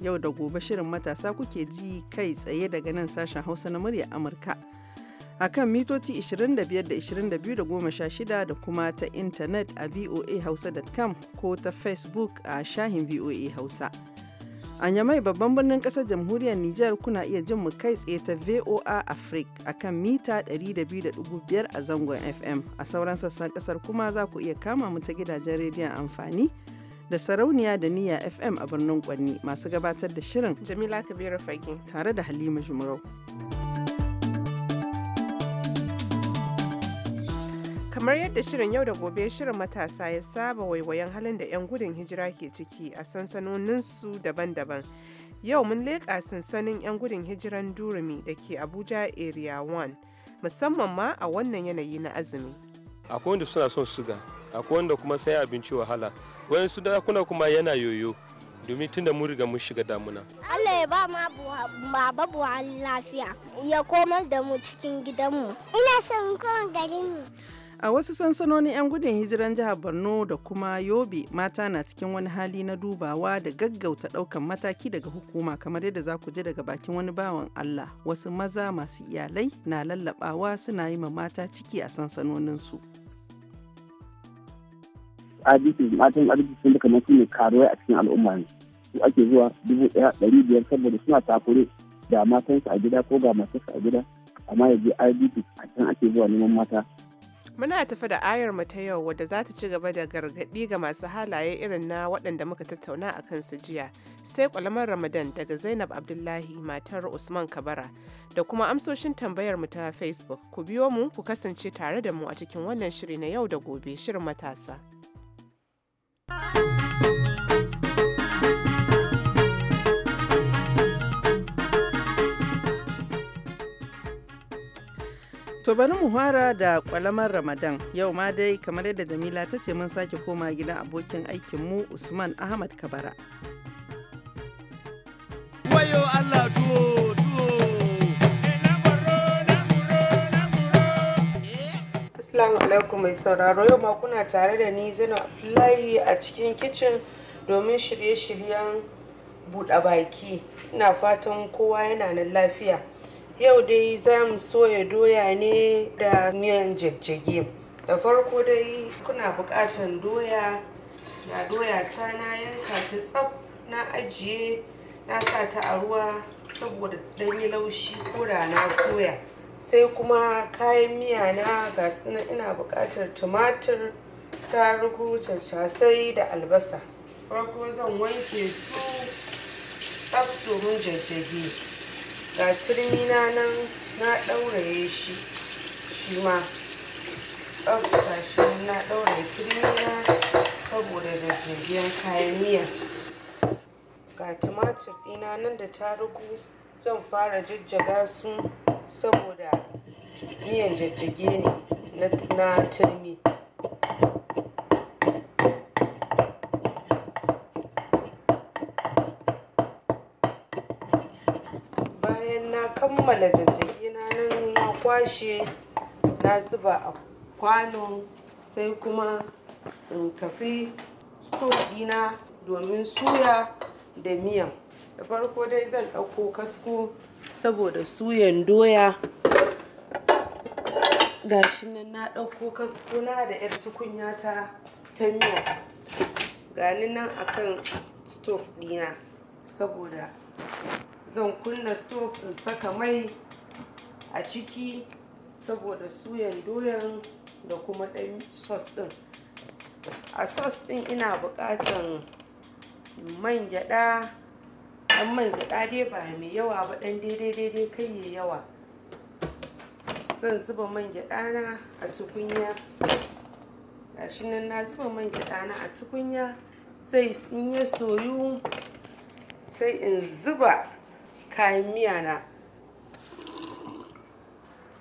Yau da gobe shirin matasa kuke ji kai tsaye daga nan sashen Hausa na murya Amurka. A kan mitoci 25 da 22 da 16 da kuma ta intanet a voahausa.com ko ta Facebook a shahin VOA Hausa. A Yamai babban birnin ƙasar jamhuriyar Nijar kuna iya jin mu kai tsaye ta VOA Africa a kan mita 200.5 a zangon FM. A sauran sassan kasar kuma za ku iya kama mu ta gidajen rediyon amfani da sarauniya da niya FM a birnin Kwanni masu gabatar da shirin Jamila Kabiru Fage tare da Halima Jumrau. kamar yadda shirin yau da gobe shirin matasa ya saba waiwayen halin da 'yan gudun hijira ke ciki a sansanoninsu daban-daban yau mun leƙa sansanin 'yan gudun hijiran durumi da ke abuja area 1 musamman ma a wannan yanayi na azumi akwai wanda suna son suga akwai wanda kuma sai abinci wahala su dakuna kuma yana yoyo domin tunda mun riga mun shiga damuna. Allah ya ba ma baba buhari lafiya ya komar da mu cikin gidanmu. Ina son kowane garinmu. A wasu sansanonin 'yan gudun hijiran jihar Borno da kuma Yobe mata na cikin wani hali na dubawa da gaggauta ɗaukan mataki daga hukuma kamar yadda za ku ji daga bakin wani bawan Allah wasu maza masu iyalai na lallabawa suna yi ma mata ciki a sansanoninsu. su. adisis matan arziki sun da kamar su ne karuwai a cikin al'umma ne su ake zuwa dubu ɗaya ɗari biyar saboda suna takure ga su a gida ko ga su a gida amma ya je a can ake zuwa neman mata muna tafi da ayar mu ta yau wadda za ta ci gaba da gargaɗi ga masu halaye irin na waɗanda muka tattauna a kansu jiya sai kwalamar ramadan daga zainab abdullahi matar usman kabara da kuma amsoshin tambayar mu ta facebook ku biyo mu ku kasance tare da mu a cikin wannan shiri na yau da gobe shirin matasa To bari mu fara da kwalamar Ramadan. Yau ma dai kamar yadda Jamila ta ce mun sake koma gidan abokin aikin mu Usman Ahmad Kabara. Wayo Allah tuwo tuwo. Assalamu alaikum mai sauraro yau ma kuna tare da ni zina layi a cikin kicin domin shirye-shiryen buɗe baki. Ina fatan kowa yana nan lafiya. yau dai za mu soya doya ne da miyan jajjage da farko dai kuna buƙatar doya na doya ta na yanka ta tsaf na ajiye na sa ta a ruwa saboda ɗanyi laushi ko da na soya sai kuma kayan miya na ga suna ina buƙatar tumatir tarugu tattasai da albasa farko zan wanke su tsaf domin jajjage ga turmi na nan na ɗauraye shi shi ma ɗauka shi na ɗauraye turmi na saboda jirgin kayan miya ga tumatir ɗina nan da ta tarugu zan fara jajjaga su saboda miyan jajjage ne na turmi kammala jajjagi na nan na kwashe na zuba a kwano sai kuma in tafi stof dina domin suya da miyan da farko dai zan ɗauko kasko saboda suyan doya gashi nan na ɗauko kasko na da 'yar tukunya ta ta miya gani nan akan stof dina saboda zan kunna stove in saka mai a ciki saboda suyan doyan da kuma ɗan sauce ɗin a sauce ɗin ina buƙatan man gyaɗa ɗan man gyaɗa dai ba mai yawa ba ɗan daidai daidai kai ya yawa zan zuba man gyaɗa na a tukunya gashi nan na zuba man gyaɗa na a tukunya sai in ya soyu sai in zuba kayan miya na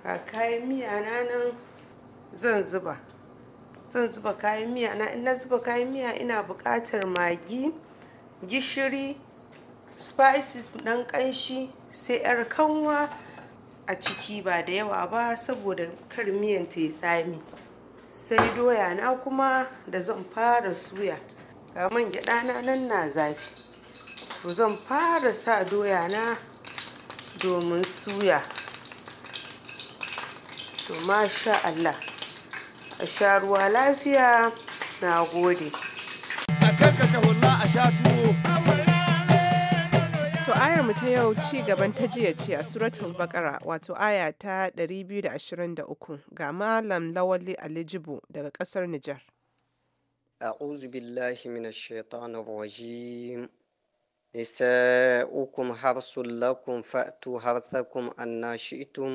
ga kayan miya na nan zan zuba zan zuba kayan miya na ina zuba kayan miya ina buƙatar magi gishiri spices ɗan ƙanshi sai 'yar kanwa a ciki ba da yawa ba saboda kar miyan ta yi tsami sai doya na kuma da zan fara suya ga man gyaɗa na nan na zafi zan fara sa doya na domin suya to masha Allah a sha ruwa lafiya na gode To ayar mu ta yau ci gaban ta jiya ce a suratul bakara wato aya ta 223 ga Malam Lawali Alijibu daga kasar Nijar. A'udhu billahi minash shaitanir rajim. نساؤكم حرث لكم فأتوا حرثكم أن شئتم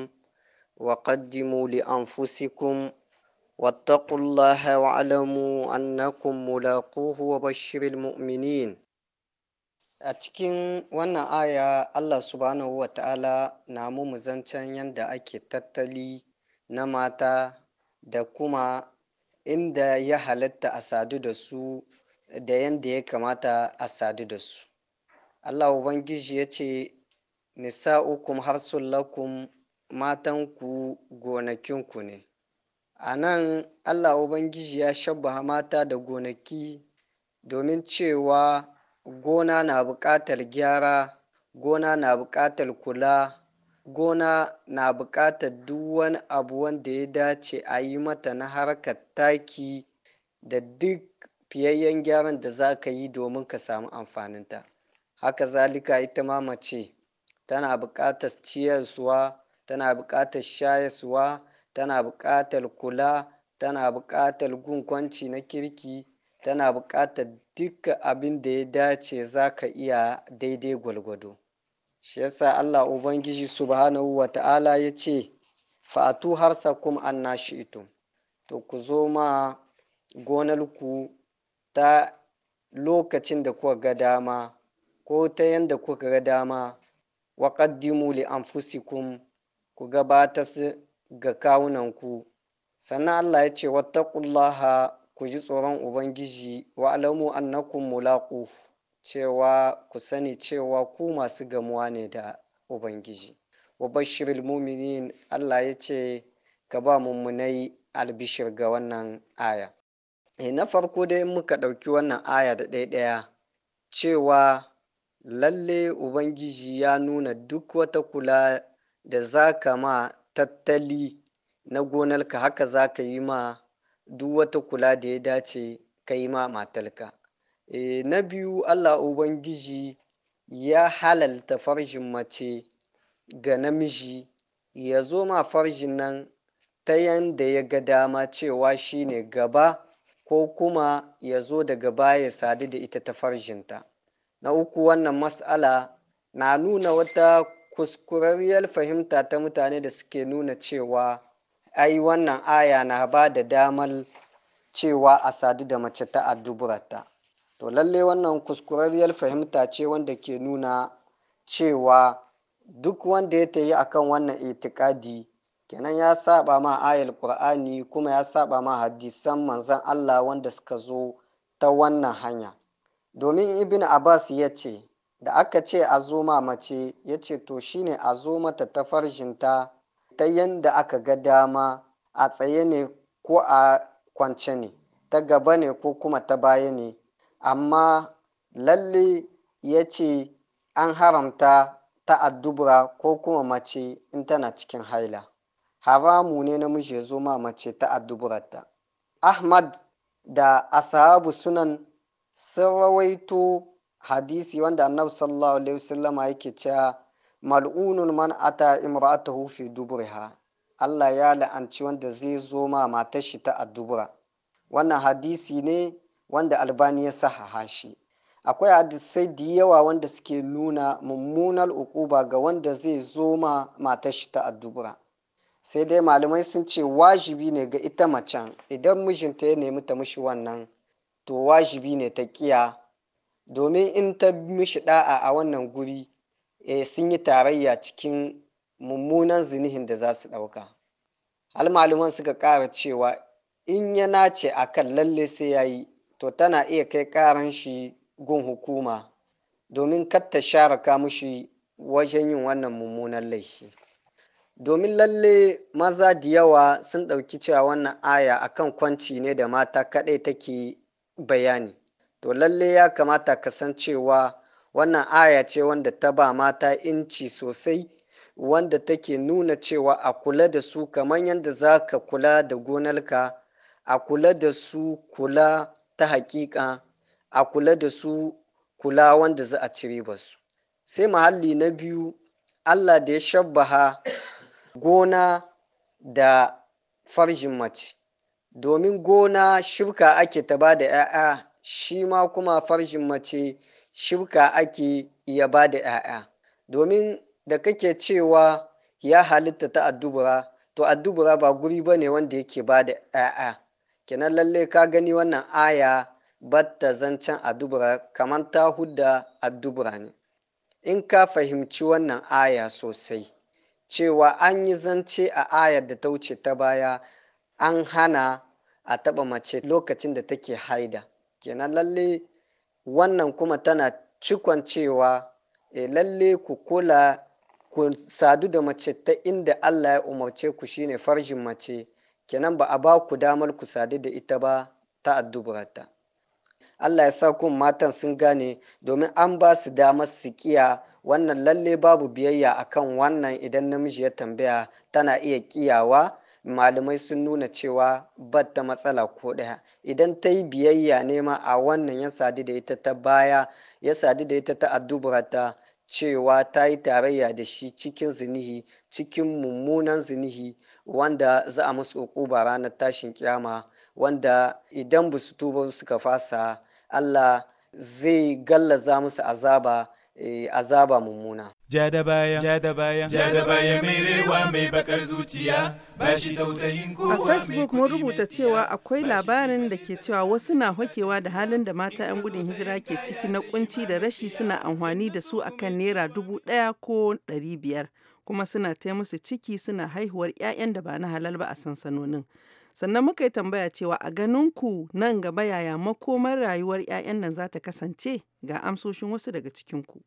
وقدموا لأنفسكم واتقوا الله واعلموا أنكم ملاقوه وبشر المؤمنين a cikin wannan aya Allah subhanahu wa ta'ala na mu zancen yadda ake tattali na mata da kuma inda ya halatta a sadu da su da yadda ya kamata a sadu da su Allah Ubangiji ya ce, Nisa'ukum harsun lakum matanku gonakinku ne. A nan Allah Ubangiji ya shabba mata da gonaki domin cewa gona na buƙatar gyara, gona na buƙatar kula, gona na buƙatar duk wani abu wanda ya dace a yi mata na harkar taki da duk fiyayyen gyaran da za ka yi domin ka samu amfaninta. haka zalika ita ma mace tana buƙatar ciyar suwa tana buƙatar suwa tana buƙatar kula tana buƙatar gunkwanci na kirki tana buƙatar dukkan abin da ya dace za ka iya daidai gwalgwado shi yasa allah ubangiji subhanahu wa ta'ala ya ce fa'atu harsakum anna ito to ku zo ma gonarku ta lokacin da kuka ga dama ko ta yanda kuka ga dama wa qaddimu li anfusikum ku gabata su ga kawunanku sannan Allah ya ce wattaqullaha ku ji tsoron ubangiji wa alamu annakum mulaqu cewa ku sani cewa ku masu gamuwa ne da ubangiji wa bashiril muminin Allah ya ce ka ba mummunai albishir ga wannan aya eh, na farko dai muka ɗauki wannan aya da ɗaya cewa lalle Ubangiji ya nuna duk wata kula da za ka ma tattali na gonarka haka za ka yi ma duk wata kula da ya dace ka yi ma matarka E, na biyu Allah Ubangiji ya halalta farjin mace ga namiji ya zo ma farjin nan ta yanda ya ga dama cewa shi ne gaba ko kuma ya zo daga baya sadu da ita ta farjinta. na uku wannan mas'ala na nuna wata kuskurariyar fahimta ta mutane da suke nuna cewa ai wannan aya na ba da damar cewa a sadu da mace ta addubarta to lalle wannan kuskurariyar fahimta ce wanda ke nuna cewa duk wanda ya ta tayi akan wannan itikadi kenan ya saba ma ayal qur'ani kuma ya saba ma hadisan manzan Allah wanda suka zo ta wannan hanya domin ibn abbas ya ce da aka ce a zo mace ya ce to shine a zo mata ta farjinta ta yanda aka ga dama a tsaye ne ko a kwance ne ta gaba ne ko kuma ta baya ne amma lalle ya ce an haramta ta addubura ko kuma mace in tana cikin haila haramu ne namiji ya zo ma mace ta ta ahmad da asabu sunan sun rawaito hadisi wanda annab sallallahu alaihi wasallam yake cewa mal'unun man ata imra'atahu fi dubriha Allah ya la'anci wanda zai zo ma matar shi ta addubra wannan hadisi ne wanda albani ya sahaha shi akwai hadisai da yawa wanda suke nuna mummunar ukuba ga wanda zai zo ma matar shi ta addubra sai dai malamai sun ce wajibi ne ga ita macen idan mijinta ya nemi ta mishi wannan to wajibi ne ta kiya domin in ta mishi da'a a wannan guri e, sun yi tarayya cikin mummunan zinihin da za su ɗauka Almaluman suka ƙara cewa in ya nace a kan lalle sai ya yi to tana iya kai ƙaran shi gun hukuma domin kar ta sharaka mushi wajen yin wannan mummunan laifi domin lalle maza da yawa sun ɗauki cewa wannan aya akan kwanci ne da mata kaɗai take bayani to lalle ya kamata kasancewa wannan aya ce wanda ta ba mata inci sosai wanda take nuna cewa a kula da su kamar yadda za ka kula da gonarka a kula da su kula ta hakika a kula da su kula wanda za a cire ba su sai mahalli na biyu allah da ya shabbaha gona da farjin mace domin gona shibka ake ta ba da ‘ya'ya shi ma kuma farjin mace shibka ake ya ba da ‘ya'ya domin da kake cewa ya halitta ta addubura to addubura ba guri ba ne wanda yake ba da ‘ya'ya kenan lalle ka gani wannan aya batta zancen addubura kamar ta hudda addubura ne in ka fahimci wannan aya sosai cewa an yi zance a ayar da ta wuce ta baya an hana a taɓa mace lokacin da take haida kenan lalle wannan kuma tana cikon cewa e lalle ku kula ku sadu da mace ta inda Allah ya umarce ku shine farjin mace kenan ba a ba ku damar ku sadu da ita ba ta addubarta Allah ya sa kun matan sun gane domin an ba su damar su kiya wannan lalle babu biyayya akan wannan idan namiji ya tambaya tana iya kiyawa malamai sun nuna cewa bat ta matsala ko ɗaya idan ta yi biyayya nema a wannan ya sadu da ita ta baya ya sadu da ita ta addubarta cewa ta yi tarayya da shi cikin zinihi cikin mummunan zinihi wanda za a musu ba ranar tashin kyama wanda idan ba su tuba suka fasa allah zai gallaza musu azaba Eh, azaba mummuna. Ja da baya, ja da baya, ja da baya mai mai bakar zuciya ba shi tausayin kowa A Facebook mun rubuta cewa akwai labarin da ke cewa wasu na hokewa da halin da mata 'yan gudun hijira ke ciki na kunci da rashi suna amfani da su akan naira dubu ɗaya ko ɗari biyar kuma suna taimusu ciki suna haihuwar 'ya'yan da ba na halal ba a sansanonin. Sannan muka yi tambaya cewa a ganin ku nan gaba yaya makomar rayuwar 'ya'yan nan za ta kasance ga amsoshin wasu daga cikin ku.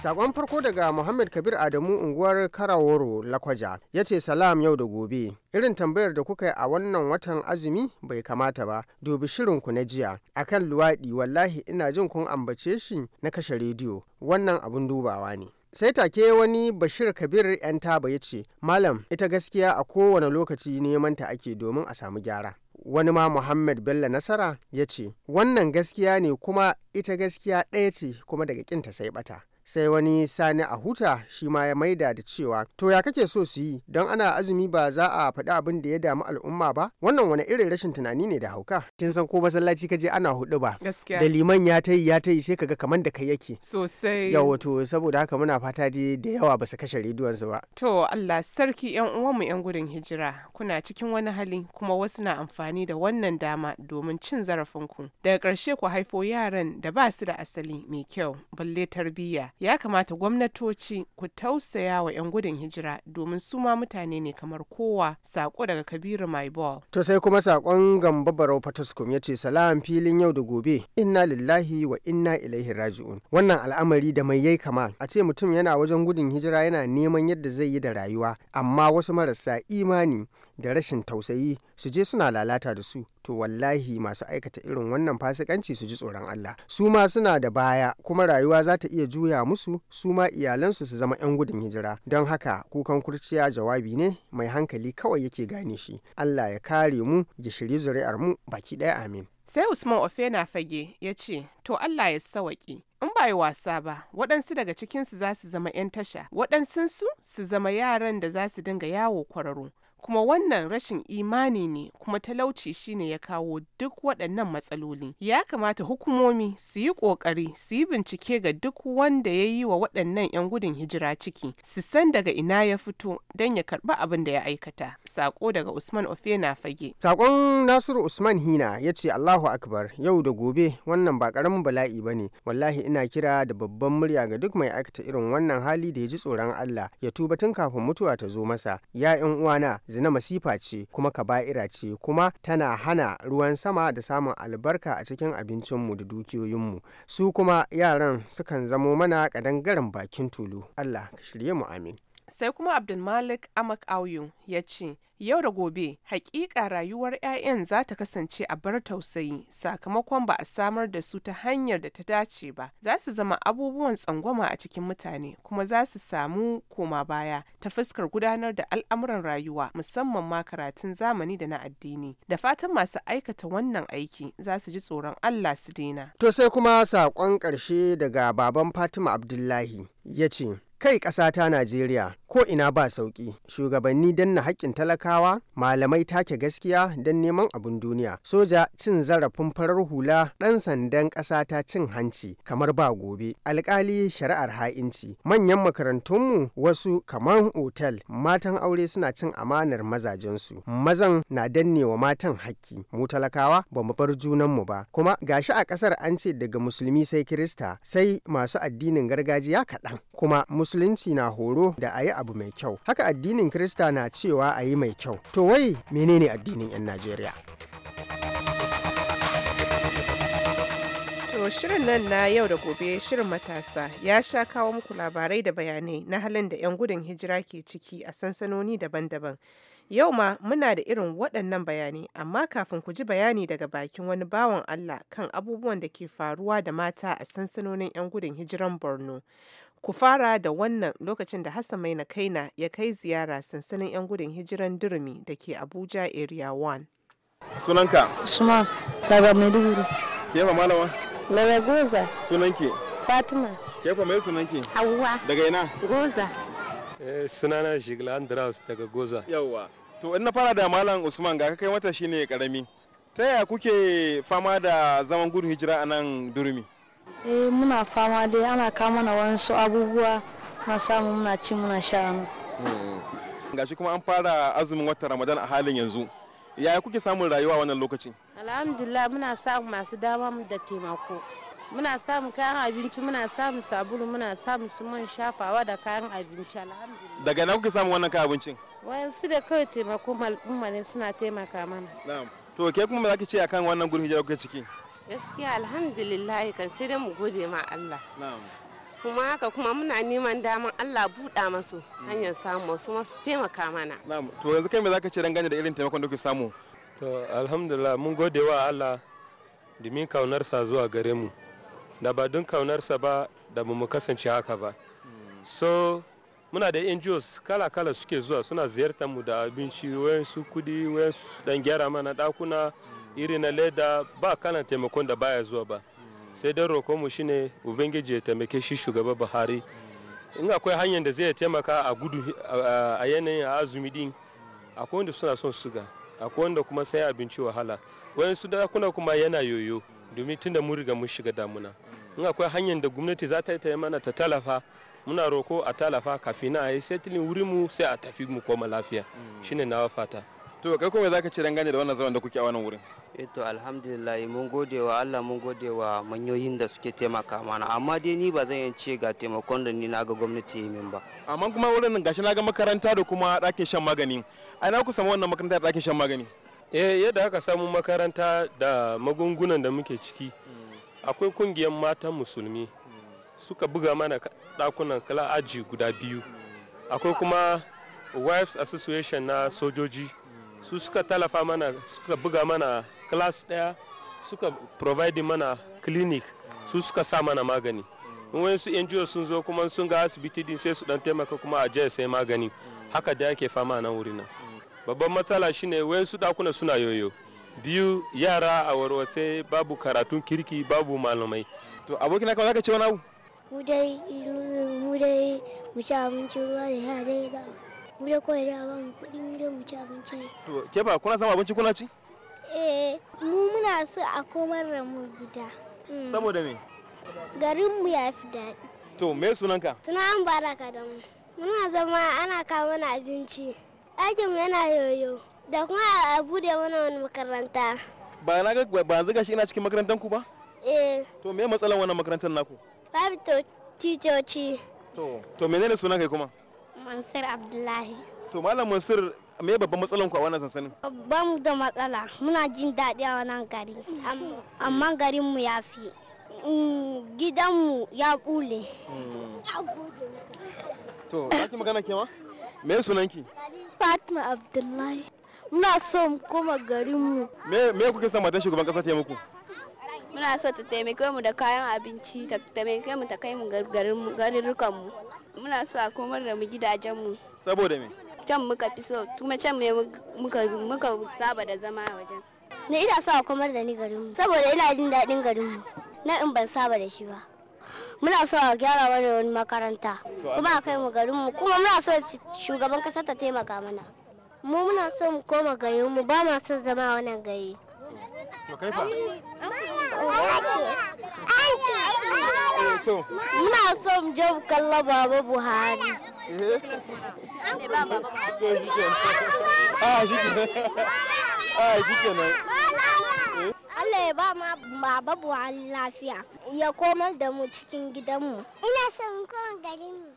Sakon farko daga Muhammad Kabir Adamu unguwar Karaworo Lakwaja ya ce salam yau da gobe. Irin tambayar da kuka yi a wannan watan azumi bai kamata ba, dubi ku na jiya. a kan luwaɗi wallahi ina jin kun ambace shi na kashe rediyo, wannan abun dubawa ne. sai take wani bashir kabir yan taba ya ce malam ita gaskiya a kowane lokaci neman ta ake domin a samu gyara wani ma muhammad bello nasara ya ce wannan gaskiya ne kuma ita gaskiya ɗaya ce kuma daga kinta sai bata sai wani sani a huta shi ma ya maida da cewa to ya kake so su yi don ana azumi ba za a faɗi abin da ya damu al'umma ba wannan wani irin rashin tunani ne da hauka kin san ko masallaci ka je ana hudu ba da liman ya tayi ya tayi sai kaga kaman da kai yake sosai yawa to saboda haka muna fata dai da yawa ba su kashe rediyon su ba to Allah sarki yan uwan mu yan gudun hijira kuna cikin wani hali kuma wasu na amfani da wannan dama domin cin zarafin ku daga ƙarshe ku haifo yaran da ba su da asali mai kyau balle tarbiyya ya kamata gwamnatoci ku tausaya wa 'yan gudun hijira domin su ma mutane ne kamar kowa sako daga kabiru maibol to sai kuma sakon gamba barau fataskum ya ce salam filin yau da gobe inna lillahi wa inna ilaihi raji'un wannan al'amari da mai yai kama a ce mutum yana wajen gudun hijira yana neman yadda zai yi da rayuwa amma wasu marasa imani da rashin tausayi su je suna lalata da su to wallahi masu aikata irin wannan fasikanci su ji tsoron Allah su ma suna da baya kuma rayuwa za ta iya juya musu su ma iyalansu su zama 'yan gudun hijira don haka kukan kurciya jawabi ne mai hankali kawai yake gane shi Allah ya kare mu ya zuri'ar mu baki ɗaya amin sai usman Ofe na fage ya ce to Allah ya sawaƙi in ba yi wasa ba waɗansu daga cikinsu za su zama 'yan tasha waɗansunsu su zama yaran da za su dinga yawo kwararo kuma wannan rashin imani ne kuma talauci shine ya kawo duk waɗannan matsaloli ya kamata hukumomi su yi ƙoƙari su yi bincike ga duk wanda ya yi wa waɗannan 'yan gudun hijira ciki su san daga ina ya fito don ya karɓi abin da ya aikata sako daga usman ofena fage sakon nasiru usman hina ya ce allahu akbar yau da gobe wannan ba ƙaramin bala'i ba ne wallahi ina kira da babban murya ga duk mai aikata irin wannan hali da ya ji tsoron allah ya tuba tun kafin mutuwa ta zo masa ya 'yan uwana zina masifa ce kuma kaba'ira ce kuma tana hana ruwan sama da samun albarka a cikin abincinmu da dukiyoyinmu su kuma yaran sukan zamo mana kadangaren bakin tulu allah ka shirye mu amin sai kuma abdulmalik amak auyu ya ce yau da gobe hakika rayuwar 'ya'yan za ta kasance a bar tausayi sakamakon ba a samar da su ta hanyar da ta dace ba za su zama abubuwan tsangwama a cikin mutane kuma za su samu koma baya ta fuskar gudanar da al'amuran rayuwa musamman ma karatun zamani da na addini da fatan masu aikata wannan aiki za su ji tsoron allah su daina to sai kuma saƙon ƙarshe daga baban fatima abdullahi ya ce kai ƙasata ta najeriya ko ina ba sauƙi shugabanni danna haƙƙin talakawa malamai take gaskiya don neman abun duniya soja cin zarafin farar hula ɗan sandan ƙasata cin hanci kamar ba gobe alƙali shari'ar ha'inci manyan makarantunmu wasu kamar otal matan aure suna cin amanar mazajensu mazan na wa matan haƙƙi mu talakawa ba mu bar junanmu ba kuma gashi a ƙasar an ce daga musulmi sai kirista sai masu addinin gargajiya kaɗan kuma musulunci na horo da a yi abu mai kyau haka addinin krista na cewa a yi mai kyau to wai menene addinin 'yan najeriya To shirin nan na yau da gobe shirin matasa ya sha kawo muku labarai da bayanai na halin da 'yan gudun hijira ke ciki a sansanoni daban-daban. Yau ma muna da irin waɗannan bayanai amma kafin ku ji bayani daga bakin wani bawan Allah kan abubuwan da ke faruwa da mata a sansanonin 'yan gudun hijiran Borno. Ku fara da wannan lokacin da Hassan Maina Kaina ya kai ziyara sansanin 'yan gudun hijiran Durumi da ke Abuja Area 1. Sunanka? Usman, daga Maiduguri. Kefa malama? Daga Goza. Sunanki? Fatima. Kefa mai sunanki? Hauwa. Daga ina? Goza. Eh, sunana Shigla Andras daga Goza. Yawwa. To in na fara da Malam Usman ga kai wata shine karami. Ta yaya kuke fama da zaman gudun hijira a nan Durumi? Eh muna fama dai ana kama na wasu abubuwa na samu muna ci muna sha nan. Hmm. Gashi kuma an fara azumin watan Ramadan a halin yanzu. Yaya kuke samun rayuwa wannan lokacin? Alhamdulillah muna samun masu dama da taimako. Muna samun kayan abinci, muna samun sabulu, muna samun su man shafawa da kayan abinci alhamdulillah. Daga na kuke samun wannan kayan abincin? Wayansu da kawai taimako al'umma ne suna taimaka mana. Na'am. To ke kuma me zaki ce akan wannan gurin hijira kuke ciki? gaskiya alhamdulillah kan sai dai mu gode ma Allah kuma haka kuma muna neman daman Allah buɗa masu hanyar samu su masu taimaka mana to yanzu kai me zaka ce dangane da irin taimakon da kuke samu to alhamdulillah mun gode wa Allah domin kaunarsa zuwa gare mu da ba don kaunarsa ba da mu kasance haka ba so muna da NGOs kala-kala suke zuwa suna ziyartar mu da abinci wayansu kudi wayansu dan gyara mana dakuna mm. iri na leda ba kalan taimakon da baya zuwa ba mm. sai dai roƙo mu shine ubangiji ya taimake shi shugaba buhari mm. in akwai hanyar da zai taimaka a gudu a yanayin azumi din mm. akwai wanda suna son suga akwai wanda kuma sai abinci wahala wayansu dakuna kuma yana yoyo domin tunda mun riga mun shiga damuna in akwai hanyar da gwamnati za ta yi mana ta talafa muna roko a talafa kafin na a yi setilin wurin mu sai a tafi mu koma lafiya shine na fata to kai kuma zaka ce dangane da wannan zaman da kuke a wannan wurin eh to alhamdulillah mun gode wa Allah mun gode wa manyoyin da suke taimaka mana amma dai ni ba zan yi ce ga taimakon da ni na ga gwamnati yi min ba amma kuma wurin nan gashi na ga makaranta da kuma ɗakin shan magani ai na ku samu wannan makaranta da ɗakin shan magani eh yadda aka samu makaranta da magungunan da muke ciki akwai kungiyar matan musulmi suka buga mana ɗakunan kala aji guda biyu akwai kuma wives association na sojoji su suka talafa mana suka buga mana class daya suka provide mana clinic su suka sa mana magani in su NGO sun zo kuma sun ga asibiti din sai su dan taimaka kuma a je sai magani haka da yake fama nan wuri na. babban matsala shine su dakuna suna yoyo biyu yara a warwace babu karatun kirki babu malamai to abokina kawai zaka ce wani abu mu dai mu dai mu ci abinci ruwa da ya dai mu da kawai da ba mu kuɗi mu da mu ci abinci ne to ke ba kuna samu abinci kuna ci eh mu muna so a komar da mu gida hmm. saboda me garin mu ya fi daɗi to me sunanka suna an baraka da mu muna zama ana kawo mana abinci ɗakin mu yana yoyo da kuma a bude mana wani makaranta ba na ga ba zuga shi ina cikin makarantar ku ba eh to me matsalar wannan makarantar naku babu to ticoci to to menene sunan kai kuma Mansur Abdullahi. To Malam Mansur me babban matsalan ku a wannan sansanin? Ba mu da matsala, muna jin daɗi a wannan gari, amma garin mu ya fi. Mm, gidanmu ya bule. To, ki magana ke ma? Me sunanki? Fatima Abdullahi. Muna so mu koma garinmu. Me me kuke son matan shugaban kasa ta muku? Muna so ta taimake mu da kayan abinci, ta taimake mu ta kai mu garin mu. muna so a komar da mu gidajenmu saboda me can muka fi so kuma can me muka muka saba da zama a wajen na ina so a komar da ni garinmu saboda ina jin daɗin garinmu na in ban saba da shi ba muna so a gyara wani wani makaranta kuma a kai mu garinmu kuma muna so shugaban kasar ta taimaka mana mu muna so mu koma garinmu ba ma son zama a wannan gari to kai fa so? Muna so mu je mu kalla Baba Buhari. Eh? Eh? Ah, ah, Allah ya ba ma Baba Buhari lafiya. Ya komar da mu cikin gidanmu. Ina son kowa garinmu.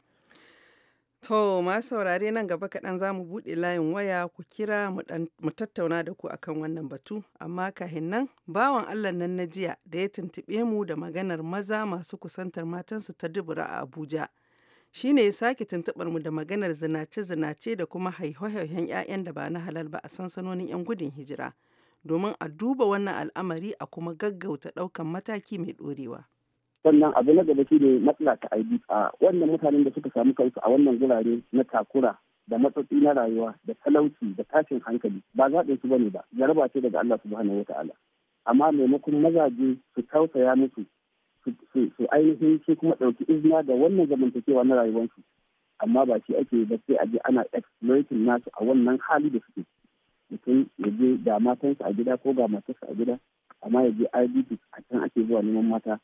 To masu saurare nan gaba kaɗan za mu buɗe layin waya ku kira mu tattauna da ku akan wannan batu, amma kahin nan bawan Allah nan na jiya da ya tuntuɓe mu da maganar maza masu kusantar matansu ta dubura a Abuja. Shi ne ya sake tuntuɓar mu da maganar zinace-zinace da kuma haihohen 'ya'yan da ba na halal ba a sansanonin 'yan gudun hijira, domin a duba wannan al'amari a kuma gaggauta ɗaukan mataki mai ɗorewa. sannan abu na gaba shine matsala ta ID a wannan mutanen da suka samu kansu a wannan gurare na takura da matsatsi na rayuwa da talauci da tashin hankali ba zaɓin su bane ba jaraba ce daga Allah subhanahu wataala amma maimakon mazaje su tausaya musu su ainihin su kuma ɗauki izina da wannan zamantakewa na rayuwarsu amma ba shi ake ba sai a je ana exploiting nasu a wannan hali da suke mutum ya je ga matansa a gida ko ga matarsa a gida amma ya je idp a can ake zuwa neman mata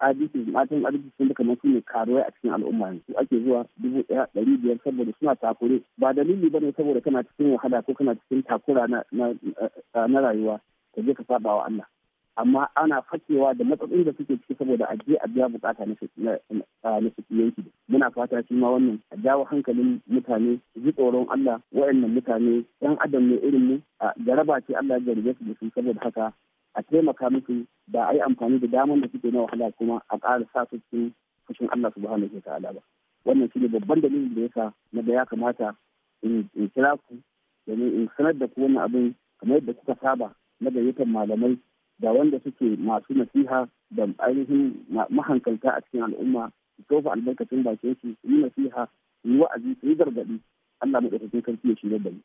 adalci matan adisi sun da kamar su ne karuwai a cikin al'umma yanzu ake zuwa dubu ɗaya dari biyar saboda suna takure ba dalili ba ne saboda kana cikin wahala ko kana cikin takura na rayuwa ka je ka saba wa Allah amma ana fakewa da matsatsin da suke ciki saboda a je a biya bukata na yanki muna fata shi ma wannan a jawo hankalin mutane ji tsoron Allah waɗannan mutane yan adam ne irin mu a jaraba ce Allah ya su da su saboda haka a taimaka musu da a yi amfani da daman da suke na wahala kuma a ƙara sa su cikin fushin Allah subhanahu wa ta'ala ba wannan shine babban dalilin da yasa na da ya kamata in kira ku domin in sanar da ku wannan abin kamar yadda kuka saba na gayyatar malamai da wanda suke masu nasiha da ainihin mahankalta a cikin al'umma su tofa albarkacin bakin su yi nasiha su yi wa'azi su yi gargaɗi Allah maɗaukakin sarki ya shirya da mu.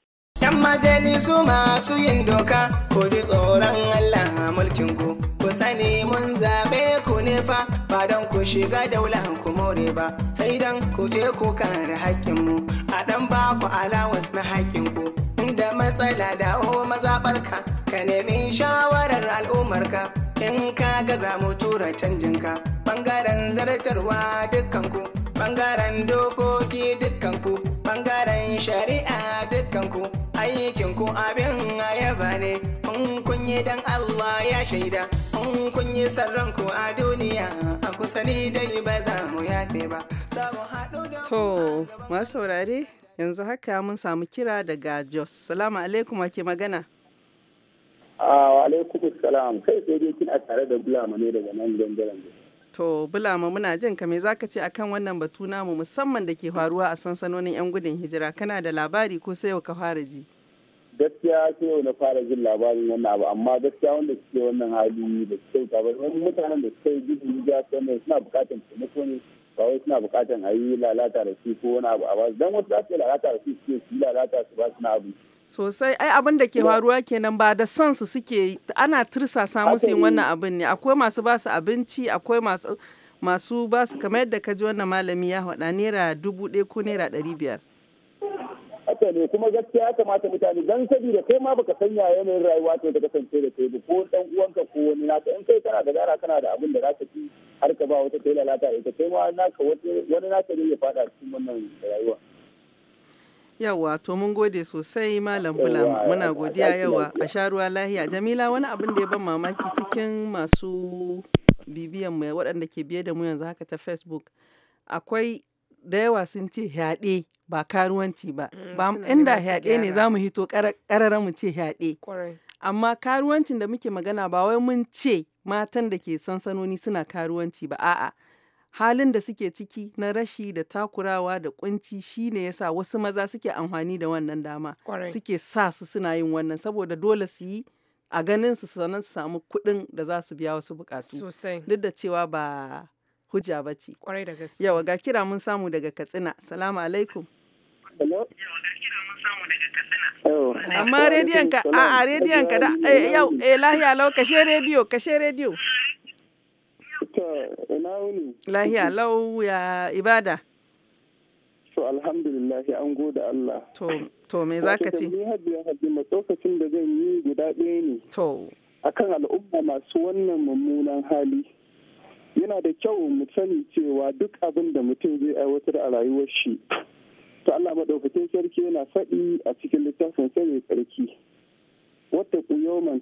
'yan majalisu masu yin doka ku ji tsoron Allah mulkin ku ku sani mun zaɓe ku ne fa ba don ku shiga daular ku more ba sai don ku je ku kare haƙƙinmu a ɗan ba ku alawas na haƙƙin ku inda matsala dawo mazaɓarka ka nemi shawarar al'ummarka in ka gaza mu tura canjinka ɓangaren zartarwa dukkan ku bangaren dokoki dukkanku bangaren shari'a dukkanku aikinku abin ayaba ne kun kunye dan Allah ya shaida in kun yi sarranku a duniya a kusa ni dai ba za mu yafe ba to masu saurare yanzu haka mun samu kira daga Jos salamu alaikum ake magana ah, wa alaikum salam kai sai dai kina tare da bulama ne daga nan da. To Bulama muna jin ka me zaka ce akan wannan batu namu musamman da ke faruwa a sansanonin 'yan gudun hijira kana da labari ko sai ka fara ji? Gaskiya sai yau na fara jin labarin wannan abu amma gaskiya wanda suke wannan hali da suke ta wani mutanen da suke gudun hijira suna bukatar taimako ne ba wai suna bukatar a yi lalata da su ko wani abu a ba dan wasu za su yi lalata da su su yi lalata su ba su na abu. sosai ai abin da ke faruwa kenan ba da son su suke ana tirsasa musu yin wannan abin ne akwai masu ba su abinci akwai masu masu ba su kamar yadda ka ji wannan malami ya faɗa naira dubu ɗaya ko naira ɗari biyar. haka ne kuma gaskiya ya kamata mutane dan da kai ma baka sanya yanayin rayuwa ce ta kasance da kai ko dan uwanka ko wani naka in kai kana da gara kana da abin da zaka ci har ka ba wata kai lalata ita kai ma naka wani naka ne ya fada cikin wannan rayuwa Yawa, to mun gode sosai Malam Bula muna godiya yawa a sha lahiya. Jamila wani abin da ya ban mamaki cikin masu bibiyan mu waɗanda ke biye da mu yanzu haka ta Facebook. Akwai da yawa sun ce yaɗe ba karuwanci ba. Mm, ba inda yaɗe ne za mu hito ƙarara mu ce yaɗe. Amma karuwancin da muke magana ba wai mun ce matan da ke sansanoni suna karuwanci ba a'a. halin da suke ciki na rashi da takurawa da kunci shine yasa wasu maza suke amfani da wannan dama suke sa su suna yin wannan saboda dole su yi a ganin su sanan su samu kuɗin da za su biya wasu bukatu sosai duk da cewa ba hujja ba ce kwarai da gaske yawa ga kira mun samu daga katsina salamu alaikum amma rediyon ka a a rediyon ka da eh, yau eh lahiya lau kashe rediyo kashe rediyo Dokta, ina wuni? Lahiya, lau ya ibada. To, alhamdulillah, an gode Allah. To, to me za ka ce? Ni habiya habiya, tsokacin da zan yi guda ɗaya ne. To. Akan al'umma masu wannan mummunan hali. Yana da kyau mu sani cewa duk abin da mutum zai aiwatar a rayuwar shi. To, Allah maɗaukakin sarki yana faɗi a cikin littafin sai mai tsarki. Wata ku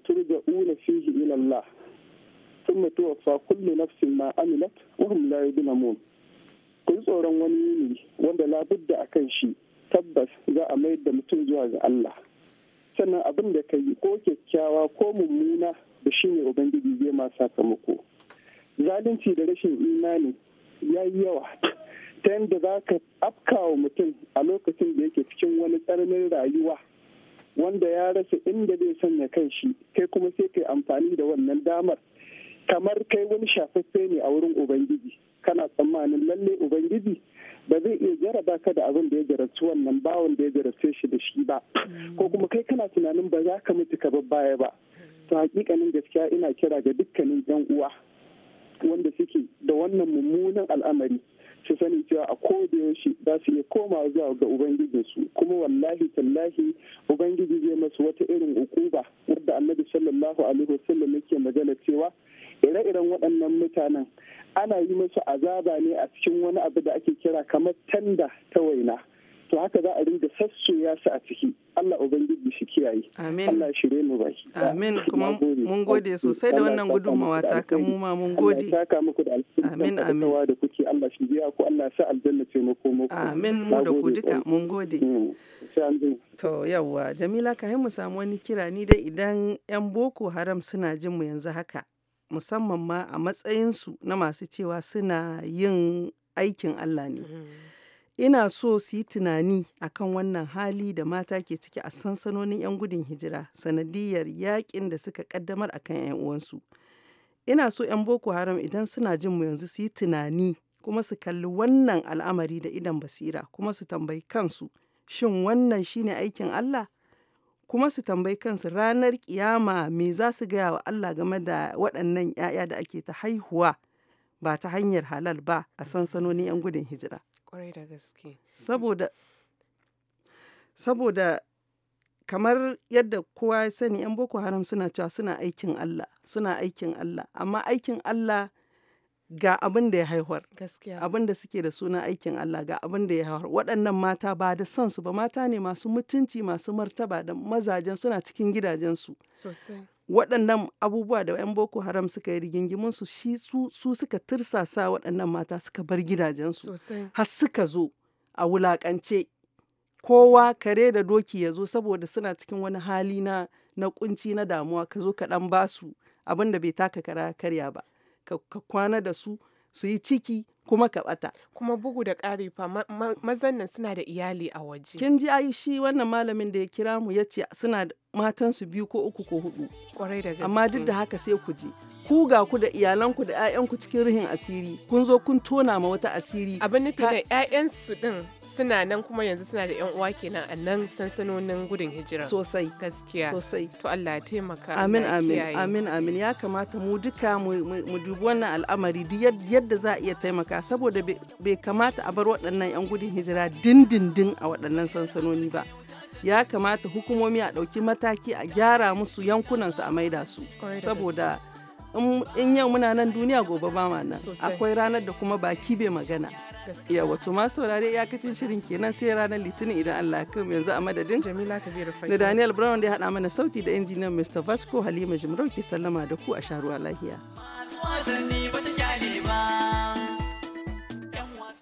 turga ula fihi ilallah. summa tuwaffa kulle nafsin ma amilat wa hum la yudlamun kun tsoron wani ne wanda labudda akan shi tabbas za a mayar da mutum zuwa ga Allah sannan abin da ka yi ko kyakkyawa ko mummuna da shi ne ubangiji zai ma sakamako zalunci da rashin imani ya yi yawa ta yadda za ka afkawa mutum a lokacin da yake cikin wani tsananin rayuwa wanda ya rasa inda zai sanya kan shi kai kuma sai kai amfani da wannan damar kamar kai wani shafaffe ne a wurin ubangiji kana tsammanin lalle ubangiji ba zai iya jaraba ka da abin da ya jarabci wannan bawan da ya jarabce shi da shi ba ko kuma kai kana tunanin ba za ka mutu ka baya ba to hakikanin gaskiya ina kira ga dukkanin yan uwa wanda suke da wannan mummunan al'amari su sani cewa a koda yaushe za su iya koma zuwa ga ubangijinsu kuma wallahi tallahi ubangiji zai masu wata irin ukuba wadda annabi sallallahu alaihi wasallam yake magana cewa ire-iren waɗannan mutanen ana yi musu azaba ne a cikin wani abu da ake kira kamar tanda ta waina to haka za a ringa ya su a ciki Allah ubangiji shi kiyaye amin Allah shirye mu bai amin kuma mun gode sosai da wannan gudunmawa ta ka mu ma mun gode Allah saka muku da alheri amin amin da kuke Allah shi biya ku Allah sa aljanna ce mu ko muku amin mu da ku duka mun gode mm. to yawa Jamila ka mu samu wani kira ni dai idan yan boko haram suna jin mu yanzu haka musamman ma a matsayinsu na masu cewa suna yin aikin Allah ne. Mm -hmm. Ina so su yi tunani akan wannan hali da mata ke ciki a sansanonin 'yan gudun hijira sanadiyar yakin da suka kaddamar akan 'yan uwansu. Ina so 'yan Boko Haram idan suna jin mu yanzu su yi tunani kuma su kalli wannan al'amari da idan basira kuma su tambayi kansu shin wannan shine aikin Allah? Kuma su tambayi kansu ranar kiyama me za su gaya wa Allah game da waɗannan 'ya'ya da ake ta haihuwa ba ta hanyar halal ba a sansanonin 'yan gudun hijira. Kwarai da gaske. Saboda saboda kamar yadda kowa ya sani 'yan boko haram suna cewa suna aikin Allah suna aikin Allah amma aikin Allah ga abin da ya haihuwar abin da suke da suna aikin Allah ga abin da ya haihuwar waɗannan mata ba da son su ba mata ne masu mutunci masu martaba da mazajen suna cikin gidajensu sosai waɗannan abubuwa da 'yan boko haram suka yi rigingimin su shi su suka tirsasa waɗannan mata suka bar gidajensu har suka zo a wulakance kowa kare da doki ya zo saboda suna cikin wani hali na na kunci na damuwa ka zo ka dan basu abin da bai taka kara karya ba ka kwana da su su yi ciki kuma ka bata. Kuma bugu da ƙari fa mazan nan suna da iyali a waje. Kin ji ai shi wannan malamin da ya kira mu ya ce suna matansu biyu ko uku ko hudu. Kwarai da Amma duk da haka sai ku je. ku ga ku da iyalanku da 'ya'yanku cikin ruhin asiri kun zo kun tona ma wata asiri abin nufi da 'ya'yansu din suna nan kuma yanzu suna da yan uwa kenan a nan sansanonin gudun hijira sosai gaskiya sosai to Allah ya taimaka amin amin amin amin ya kamata mu duka mu dubi wannan al'amari duk yadda za a iya taimaka saboda bai kamata a bar waɗannan yan gudun hijira dindindin a waɗannan sansanoni ba ya kamata hukumomi a ɗauki mataki a gyara musu yankunansu a maida su saboda in yau muna nan duniya gobe ba ma nan akwai ranar da kuma baki bai magana ya wato ma saurare iyakacin shirin kenan sai ranar litinin idan Allah kan yanzu a madadin Jamila Kabiru da Daniel Brown da ya haɗa mana sauti da injiniyan Mr. Vasco Halima Jimrau ke sallama da ku a sharuwa lahiya. Masu